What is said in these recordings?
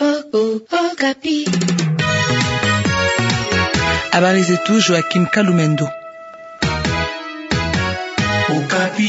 A barize tou Joakim Kaloumendo Okapi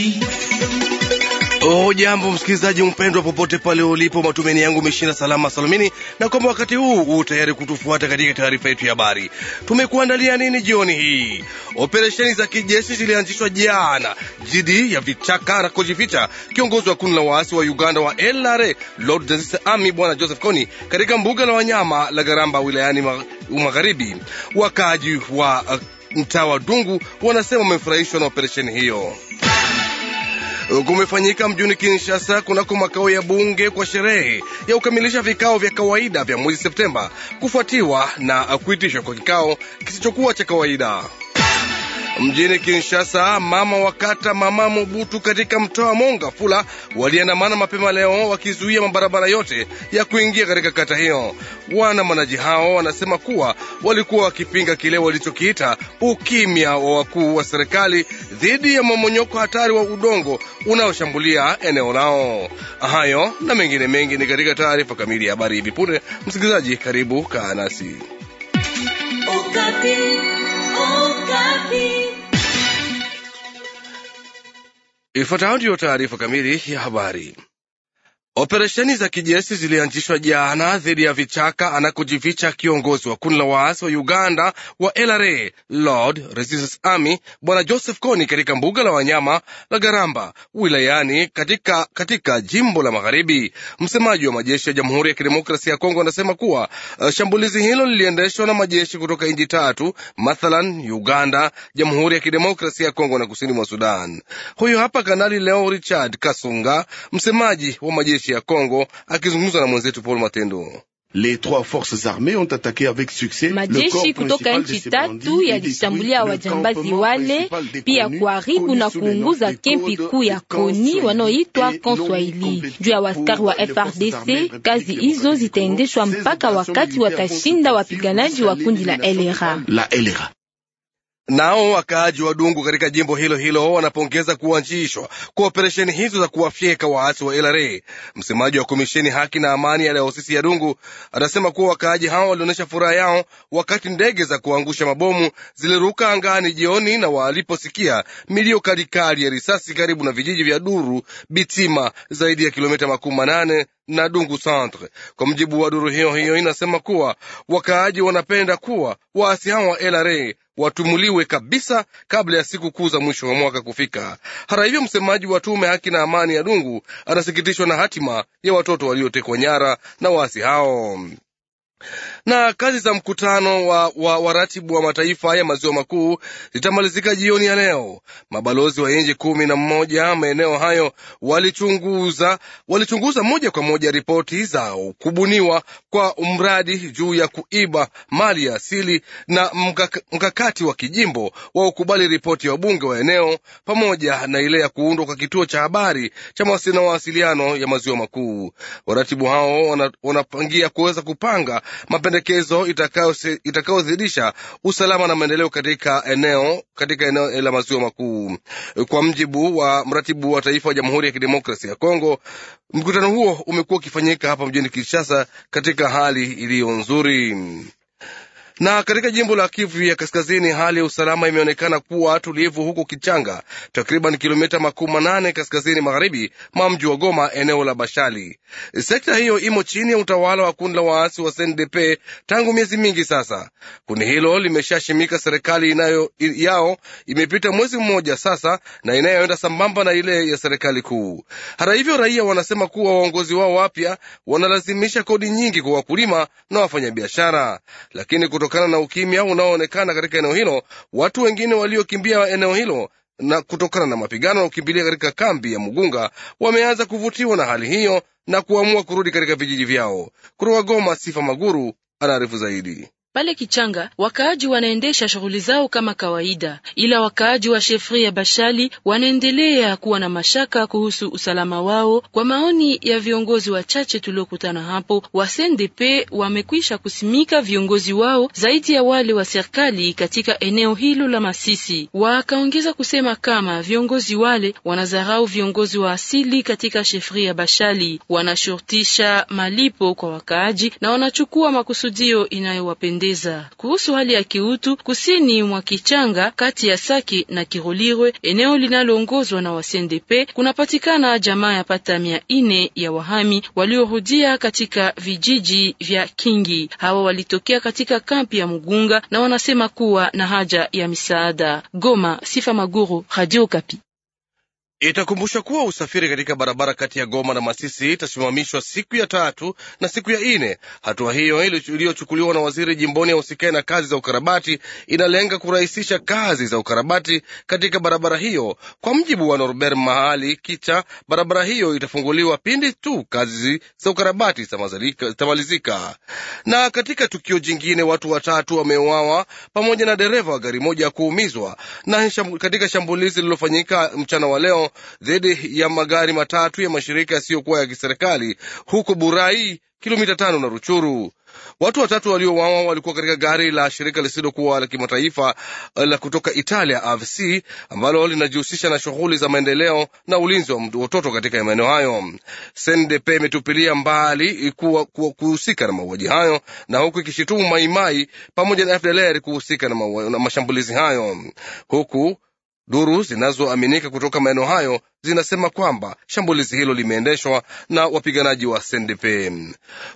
Oh, jambo msikilizaji mpendwa, popote pale ulipo, matumaini yangu umeshinda salama salamini, na kwamba wakati huu u tayari kutufuata katika taarifa yetu ya habari. Tumekuandalia nini jioni hii? Operesheni za kijeshi zilianzishwa jana dhidi ya vichaka na kujificha kiongozi wa kundi la waasi wa Uganda wa LRA Lord Resistance Army Bwana Joseph Kony katika mbuga la wanyama la Garamba wilayani Magharibi. Wakaaji wa uh, mtaa wa Dungu wanasema wamefurahishwa na operesheni hiyo kumefanyika mjini Kinshasa kunako makao ya bunge kwa sherehe ya kukamilisha vikao vya kawaida vya mwezi Septemba kufuatiwa na kuitishwa kwa kikao kisichokuwa cha kawaida. Mjini Kinshasa, mama wakata mama Mobutu katika mtaa wa Monga Fula waliandamana mapema leo wakizuia mabarabara yote ya kuingia katika kata hiyo. Waandamanaji hao wanasema kuwa walikuwa wakipinga kile walichokiita ukimya wa wakuu wa serikali dhidi ya mmomonyoko hatari wa udongo unaoshambulia eneo lao. Hayo na mengine mengi ni katika taarifa kamili ya habari hivi punde. Msikilizaji, karibu kaa nasi. Okapi, Okapi. Ifuatayo ndiyo taarifa kamili ya habari. Operesheni za kijeshi zilianzishwa jana dhidi ya vichaka anakojificha kiongozi wa kundi la waasi wa Uganda wa LRA Lord Resistance Army Bwana Joseph Kony katika mbuga la wanyama la Garamba wilayani katika, katika jimbo la Magharibi. Msemaji wa majeshi ya Jamhuri ya Kidemokrasia ya Kongo anasema kuwa uh, shambulizi hilo liliendeshwa na majeshi kutoka nchi tatu, mathalan Uganda, Jamhuri ya Kidemokrasia ya Kongo na kusini mwa Sudan. Huyo hapa Kanali Leo Richard Kasunga, msemaji wa majeshi nchi ya Kongo, akizungumza na mwenzetu Paul Matendo. Les trois forces armées ont attaqué avec succès majeshi kutoka nchi tatu yalishambulia wajambazi wale pia kuharibu na kuunguza kempi kuu ya Koni wanaoitwa Konswahili. juu ya waskari wa FRDC. Kazi hizo zitaendeshwa mpaka wakati watashinda wapiganaji wa kundi la LRA. Nao wakaaji wa Dungu katika jimbo hilo hilo wanapongeza kuanzishwa kwa operesheni hizo za kuwafyeka waasi wa LRA. Msemaji wa komisheni haki na amani ya taasisi ya Dungu anasema kuwa wakaaji hao walionyesha furaha yao wakati ndege za kuangusha mabomu ziliruka angani jioni na waliposikia milio kalikali ya risasi karibu na vijiji vya Duru Bitima, zaidi ya kilomita makumi manane na Dungu Centre. Kwa mjibu wa duru hiyo hiyo, inasema kuwa wakaaji wanapenda kuwa waasi hao wa LRA watumuliwe kabisa kabla ya siku kuu za mwisho wa mwaka kufika. Hata hivyo, msemaji wa tume haki na amani ya dungu anasikitishwa na hatima ya watoto waliotekwa nyara na waasi hao. Na kazi za mkutano wa, wa waratibu wa mataifa ya maziwa makuu zitamalizika jioni ya leo. Mabalozi wa nchi kumi na mmoja maeneo hayo walichunguza walichunguza moja kwa moja ripoti za kubuniwa kwa mradi juu ya kuiba mali ya asili na mkakati wa kijimbo wa ukubali ripoti ya wabunge wa eneo pamoja na ile ya kuundwa kwa kituo cha habari cha mawasiliano ya maziwa makuu. Waratibu hao wanapangia kuweza kupanga mapendekezo itakayozidisha usalama na maendeleo katika eneo katika eneo la maziwa makuu. Kwa mjibu wa mratibu wa taifa wa Jamhuri ya Kidemokrasia ya Kongo, mkutano huo umekuwa ukifanyika hapa mjini Kinshasa katika hali iliyo nzuri. Na katika jimbo la Kivu ya Kaskazini, hali ya usalama imeonekana kuwa tulivu huko Kichanga, takriban kilomita makumi manane kaskazini magharibi mwa mji wa Goma, eneo la Bashali. Sekta hiyo imo chini ya utawala wa kundi la waasi wa SNDP tangu miezi mingi sasa. Kundi hilo limeshashimika serikali inayo yao imepita mwezi mmoja sasa, na inayoenda sambamba na ile ya serikali kuu. Hata hivyo, raia wanasema kuwa waongozi wao wapya wanalazimisha kodi nyingi kwa wakulima na wafanyabiashara, lakini Kutokana na ukimya unaoonekana katika eneo hilo, watu wengine waliokimbia eneo hilo na kutokana na mapigano na kukimbilia katika kambi ya Mugunga wameanza kuvutiwa na hali hiyo na kuamua kurudi katika vijiji vyao. Kutoka Goma, Sifa Maguru anaarifu zaidi. Pale Kichanga wakaaji wanaendesha shughuli zao kama kawaida, ila wakaaji wa shefri ya Bashali wanaendelea kuwa na mashaka kuhusu usalama wao. Kwa maoni ya viongozi wachache tuliokutana hapo, wasendepe wamekwisha kusimika viongozi wao zaidi ya wale wa serikali katika eneo hilo la Masisi. Wakaongeza kusema kama viongozi wale wanadharau viongozi wa asili katika shefri ya Bashali, wanashurutisha malipo kwa wakaaji na wanachukua makusudio inayowapendeza kujieleza kuhusu hali ya kiutu kusini mwa Kichanga kati ya Saki na Kirolirwe, eneo linaloongozwa na wasndp kunapatikana jamaa ya pata mia ine ya wahami waliorudia katika vijiji vya Kingi. Hawa walitokea katika kampi ya Mugunga na wanasema kuwa na haja ya misaada. Goma, Sifa Maguru, Radio Kapi. Itakumbusha kuwa usafiri katika barabara kati ya Goma na Masisi itasimamishwa siku ya tatu na siku ya ine. Hatua hiyo iliyochukuliwa na waziri jimboni ya usikae na kazi za ukarabati inalenga kurahisisha kazi za ukarabati katika barabara hiyo. Kwa mjibu wa Norbert Mahali Kicha, barabara hiyo itafunguliwa pindi tu kazi za ukarabati zitamalizika. Na katika tukio jingine, watu watatu wameuawa pamoja na dereva wa gari moja kuumizwa na katika shambulizi lililofanyika mchana wa leo dhidi ya magari matatu ya mashirika yasiyokuwa ya kiserikali huko Burai, kilomita tano na Ruchuru. Watu watatu waliowawa walikuwa katika gari la shirika lisilokuwa la kimataifa la kutoka Italia, AFC, ambalo linajihusisha na shughuli za maendeleo na ulinzi wa watoto katika maeneo hayo. SNDP imetupilia mbali kuhusika na mauaji hayo na huku ikishitumu Maimai pamoja na FDLR kuhusika na, na mashambulizi hayo huku Duru zinazoaminika kutoka maeneo hayo zinasema kwamba shambulizi hilo limeendeshwa na wapiganaji wa SNDP.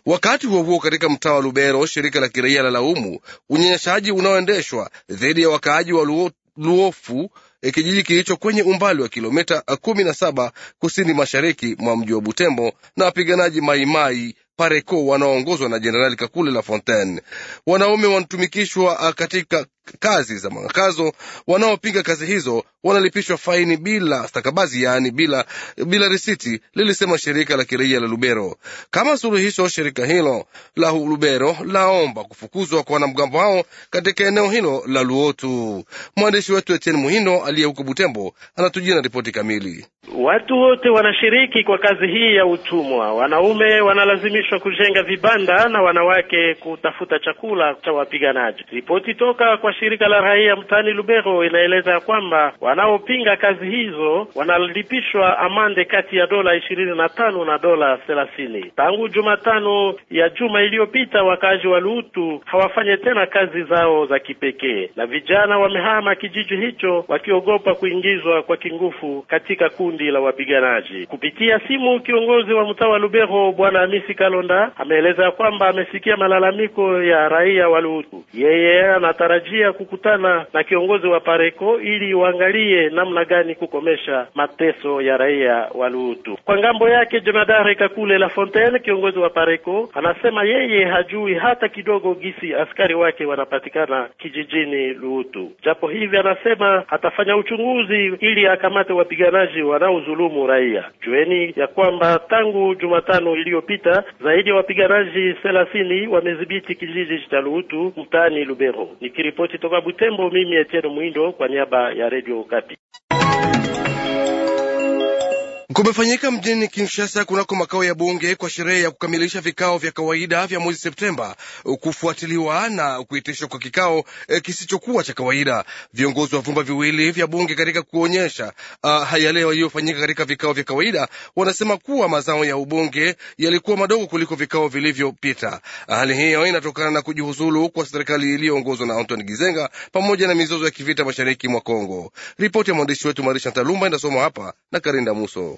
Wakati huo huo, katika mtaa wa Lubero, shirika la kiraia la laumu unyenyeshaji unaoendeshwa dhidi ya wakaaji wa luo, Luofu, e, kijiji kilicho kwenye umbali wa kilomita 17 kusini mashariki mwa mji wa Butembo na wapiganaji Maimai Pareco wanaoongozwa na Jenerali Kakule La Fontaine. Wanaume wanatumikishwa katika kazi za makazo Wanaopinga kazi hizo wanalipishwa faini bila stakabazi, yaani bila, bila risiti, lilisema shirika la kiraia la Lubero. Kama suluhisho, shirika hilo la Lubero laomba kufukuzwa kwa wanamgambo hao katika eneo hilo la Luotu. Mwandishi wetu Etienne Muhindo aliye huko Butembo anatujia na ripoti kamili. Watu wote wanashiriki kwa kazi hii ya utumwa. Wanaume wanalazimishwa kujenga vibanda na wanawake kutafuta chakula cha wapiganaji. Ripoti toka kwa shirika la raia mtaani Lubero inaeleza kwamba wanaopinga kazi hizo wanalipishwa amande kati ya dola ishirini na tano na dola thelathini. Tangu Jumatano ya juma iliyopita, wakazi wa Luutu hawafanye tena kazi zao za kipekee, na vijana wamehama kijiji hicho wakiogopa kuingizwa kwa kingufu katika kundi la wapiganaji. Kupitia simu, kiongozi wa mtaa wa Lubero Bwana Hamisi Kalonda ameeleza kwamba amesikia malalamiko ya raia wa Luutu. Yeye anatarajia pia kukutana na kiongozi wa Pareko ili waangalie namna gani kukomesha mateso ya raia wa Luhutu. Kwa ngambo yake, Jonadare Kakule La Fontaine, kiongozi wa Pareko, anasema yeye hajui hata kidogo gisi askari wake wanapatikana kijijini Luhutu. Japo hivi, anasema atafanya uchunguzi ili akamate wapiganaji wanaozulumu raia. Jueni ya kwamba tangu Jumatano iliyopita zaidi ya wapiganaji thelathini wamedhibiti kijiji cha Luhutu mtaani Lubero. Nikiripoti kutoka Butembo, mimi Etienne Mwindo kwa niaba ya Radio Okapi kumefanyika mjini Kinshasa kunako makao ya bunge kwa sherehe ya kukamilisha vikao vya kawaida vya mwezi Septemba, kufuatiliwa na kuitishwa kwa kikao e, kisichokuwa cha kawaida. Viongozi wa vyumba viwili vya bunge katika kuonyesha ah, hayale waliyofanyika katika vikao vya kawaida, wanasema kuwa mazao ya ubunge yalikuwa madogo kuliko vikao vilivyopita. Ah, hali hiyo inatokana na kujihuzulu kwa serikali iliyoongozwa na anton Gizenga pamoja na mizozo ya kivita mashariki mwa Kongo. Ripoti ya mwandishi wetu Marisha Talumba inasoma hapa na Karinda Muso.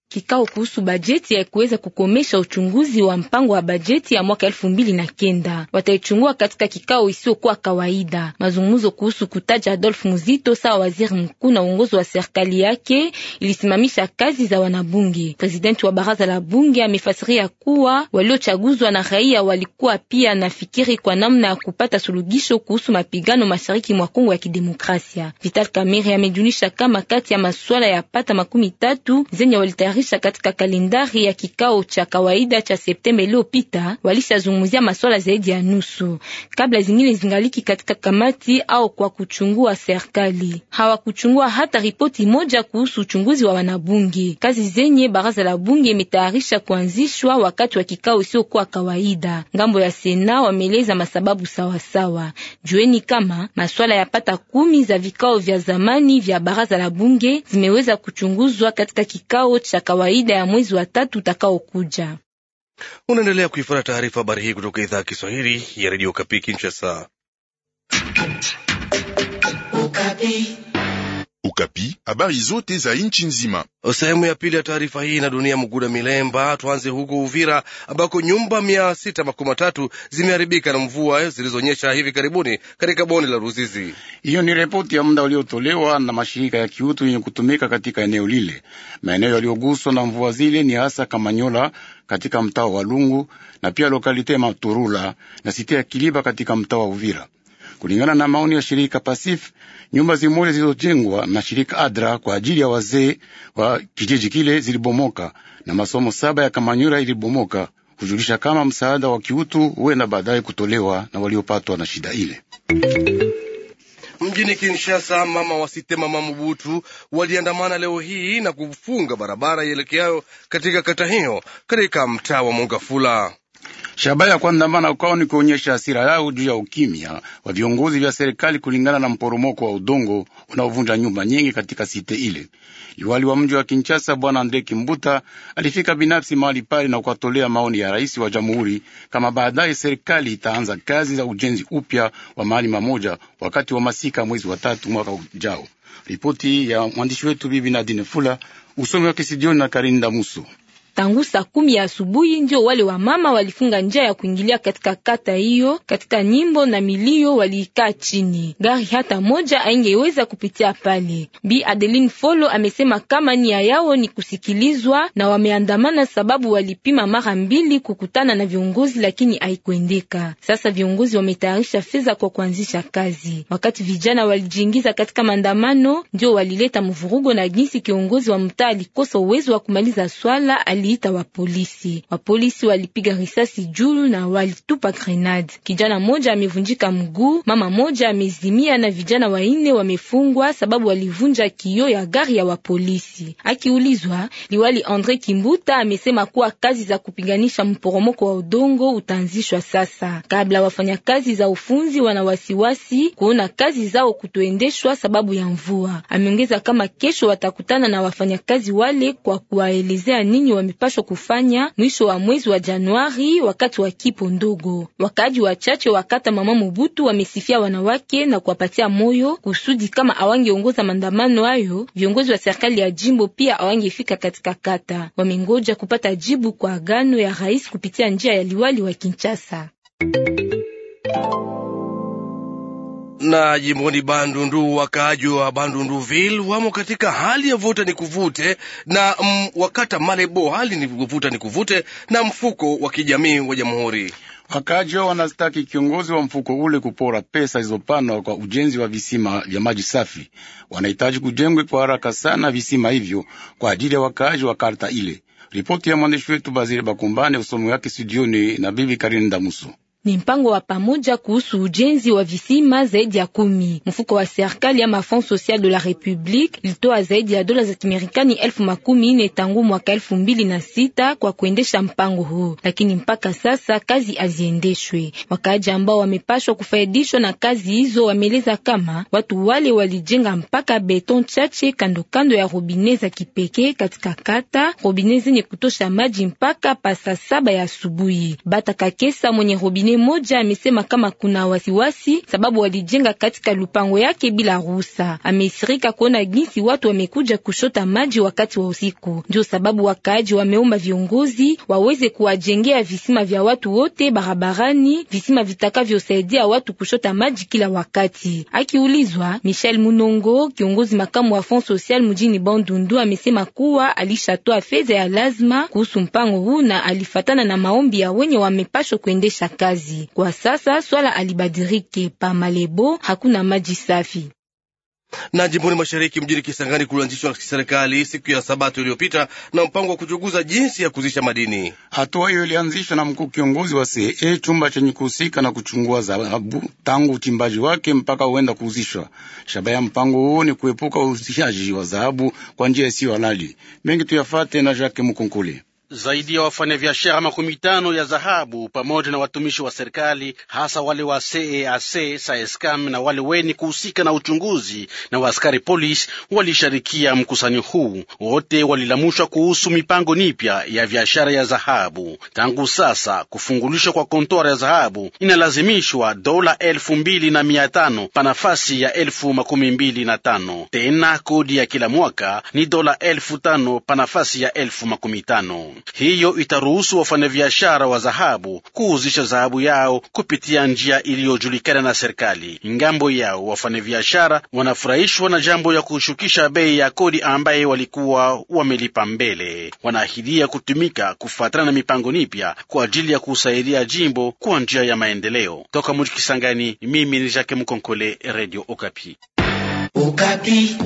kikao kuhusu bajeti ya kuweza kukomesha uchunguzi wa mpango wa bajeti ya mwaka elfu mbili na kenda wataichungua katika kikao isiyokuwa kawaida. Mazungumzo kuhusu kutaja Adolf Muzito sawa waziri mkuu na uongozi wa serikali yake ilisimamisha kazi za wanabunge. Presidenti wa baraza la bunge amefasiria kuwa waliochaguzwa na raia walikuwa pia nafikiri kwa namna ya kupata suluhisho kuhusu mapigano mashariki mwa Kongo ya Kidemokrasia. Vital Kamerhe amejulisha kama kati ya masuala ya pata makumi tatu zenye walitayarisha waliotayarisha katika kalendari ya kikao cha kawaida cha Septemba iliyopita walishazungumzia masuala zaidi ya nusu, kabla zingine zingaliki katika kamati au kwa kuchungua serikali. Hawakuchungua hata ripoti moja kuhusu uchunguzi wa wanabunge, kazi zenye baraza la bunge imetayarisha kuanzishwa wakati wa kikao isiyokuwa kawaida. Ngambo ya Sena wameeleza masababu sawasawa. Jueni kama masuala ya pata kumi za vikao vya zamani vya baraza la bunge zimeweza kuchunguzwa katika kikao cha kawaida kawaida ya mwezi wa tatu utakaokuja. Unaendelea kuifuata taarifa habari hii kutoka idhaa ya Kiswahili ya redio Kapi Kinshasa. Ukapi, habari zote za nchi nzima. Sehemu ya pili ya taarifa hii na dunia Muguda Milemba. Tuanze huko Uvira ambako nyumba mia sita makumi matatu zimeharibika na mvua zilizonyesha hivi karibuni katika bonde la Ruzizi. Hiyo ni ripoti ya muda uliotolewa na mashirika ya kiutu yenye kutumika katika eneo lile. Maeneo yaliyoguswa na mvua zile ni hasa Kamanyola katika mtaa wa Lungu na pia lokalite Maturula na site ya Kiliba katika mtaa wa Uvira. Kulingana na maoni ya shirika Pasif, nyumba zimoja zilizojengwa na shirika Adra kwa ajili ya wazee wa kijiji kile zilibomoka na masomo saba ya Kamanyura ilibomoka, kujulisha kama msaada wa kiutu huenda baadaye kutolewa na waliopatwa na shida ile. Mjini Kinshasa, mama wasitema mamubutu Mama Mubutu waliandamana leo hii na kufunga barabara ielekeayo katika kata hiyo katika mtaa wa Mongafula. Shabaha ya kuandamana kwao ni kuonyesha hasira yao juu ya ukimya wa viongozi vya serikali kulingana na mporomoko wa udongo unaovunja nyumba nyingi katika site ile. Liwali wa mji wa Kinshasa Bwana andre kimbuta alifika binafsi mahali pale na kuwatolea maoni ya rais wa jamhuri kama baadaye serikali itaanza kazi za ujenzi upya wa mahali mamoja wakati wa masika mwezi wa tatu mwaka ujao. Ripoti ya mwandishi wetu Bibi Nadine Fula, usomi wa Kisidioni na Karinda Muso tangu saa kumi ya asubuhi ndio wale wa mama walifunga njia ya kuingilia katika kata hiyo. Katika nyimbo na milio, waliikaa chini, gari hata moja aingeweza kupitia pale. Bi Adeline Folo amesema kama nia yao ni kusikilizwa na wameandamana, sababu walipima mara mbili kukutana na viongozi, lakini haikwendeka. Sasa viongozi wametayarisha fedha kwa kuanzisha kazi. Wakati vijana walijiingiza katika maandamano, ndio walileta mvurugo na jinsi kiongozi wa mtaa alikosa uwezo wa kumaliza swala ali waliita wapolisi. Wapolisi walipiga risasi juu na walitupa grenade. Kijana moja amevunjika mguu, mama moja amezimia na vijana waine wamefungwa sababu walivunja kio ya gari ya wapolisi. Akiulizwa, liwali Andre Kimbuta amesema kuwa kazi za kupiganisha mporomoko wa udongo utaanzishwa sasa. Kabla wafanyakazi za ufunzi wana wasiwasi kuona kazi zao kutoendeshwa sababu ya mvua. Ameongeza kama kesho watakutana na wafanyakazi wale kwa kuwaelezea nini wame walipashwa kufanya mwisho wa mwezi wa Januari wakati wa kipo ndogo. Wakaji wachache wakata mama Mobutu wamesifia wanawake na kuwapatia moyo kusudi kama awangeongoza maandamano hayo, viongozi wa serikali ya jimbo pia awangefika katika kata. Wamengoja kupata jibu kwa agano ya rais kupitia njia ya liwali wa Kinshasa na jimboni Bandundu, wakaaji wa bandundu ville wamo katika hali ya vuta ni kuvute na m, wakata malebo hali ni vuta ni kuvute na mfuko wa kijamii wa jamhuri. Wakaaji hao wanastaki kiongozi wa mfuko ule kupora pesa zilizopanwa kwa ujenzi wa visima vya maji safi. Wanahitaji kujengwe kwa haraka sana visima hivyo kwa ajili ya wakaaji wa karta ile. Ripoti ya mwandishi wetu Baziri Bakumbane, usomo wake studioni na bibi Karine Ndamuso ni mpango wa pamoja kuhusu ujenzi wa visima zaidi ya kumi. Mfuko wa serikali ya mafond social de la republique litoa zaidi ya dola za Kimarekani elfu makumi nne tangu mwaka elfu mbili na sita kwa kuendesha mpango huu, lakini mpaka sasa kazi haziendeshwe. Wakaaji ambao wamepashwa kufaidishwa na kazi hizo wameeleza kama watu wale walijenga mpaka beton chache kandokando ya robine za kipeke katika kata, robine zenye kutosha maji mpaka pasa saba ya asubuhi. Bata Kakesa mwenye robine ni moja amesema kama kuna wasiwasi sababu walijenga katika lupango yake bila ruhusa. Amesirika kuona jinsi watu wamekuja kushota maji wakati wa usiku, ndio sababu wakaaji wameomba viongozi waweze kuwajengea visima vya watu wote barabarani, visima vitakavyosaidia watu kushota maji kila wakati. Akiulizwa, Michel Munongo, kiongozi makamu wa Fonds Social mjini Bandundu, amesema kuwa alishatoa fedha ya lazima kuhusu mpango huu na alifatana na maombi ya wenye wamepashwa kuendesha kazi kazi. Kwa sasa swala alibadirike pa Malebo, hakuna maji safi na jimboni mashariki mjini Kisangani kulianzishwa na siku ya Sabato iliyopita na mpango wa kuchunguza jinsi ya kuzisha madini. Hatua hiyo ilianzishwa na mkuu kiongozi wa eh, chumba chenye kuhusika na kuchungua dhahabu tangu uchimbaji wake mpaka huenda kuuzishwa. Shabaha ya mpango huo ni kuepuka uhusishaji wa dhahabu kwa njia isiyo halali. Mengi tuyafate na Jacques Mukunkuli. Zaidi ya wafanyabiashara makumi tano ya dhahabu pamoja na watumishi wa serikali hasa wale wa CEAC, SAESCAM na wale weni kuhusika na uchunguzi na waaskari polisi walishirikia mkusanyo huu. Wote walilamushwa kuhusu mipango nipya ya biashara ya dhahabu. Tangu sasa kufungulishwa kwa kontora ya dhahabu inalazimishwa dola elfu mbili na mia tano pa nafasi ya elfu makumi mbili na tano tena kodi ya kila mwaka ni dola elfu tano pa nafasi ya elfu makumi tano. Hiyo itaruhusu wafanyabiashara wa dhahabu kuuzisha dhahabu yao kupitia njia iliyojulikana na serikali. Ngambo yao wafanyabiashara wanafurahishwa na jambo ya kushukisha bei ya kodi ambaye walikuwa wamelipa mbele. Wanaahidia kutumika kufuatana na mipango mipya kwa ajili ya kusaidia jimbo kwa njia ya maendeleo. Toka mji Kisangani, mimi ni Jacques Mkonkole, Radio Okapi. Okapi.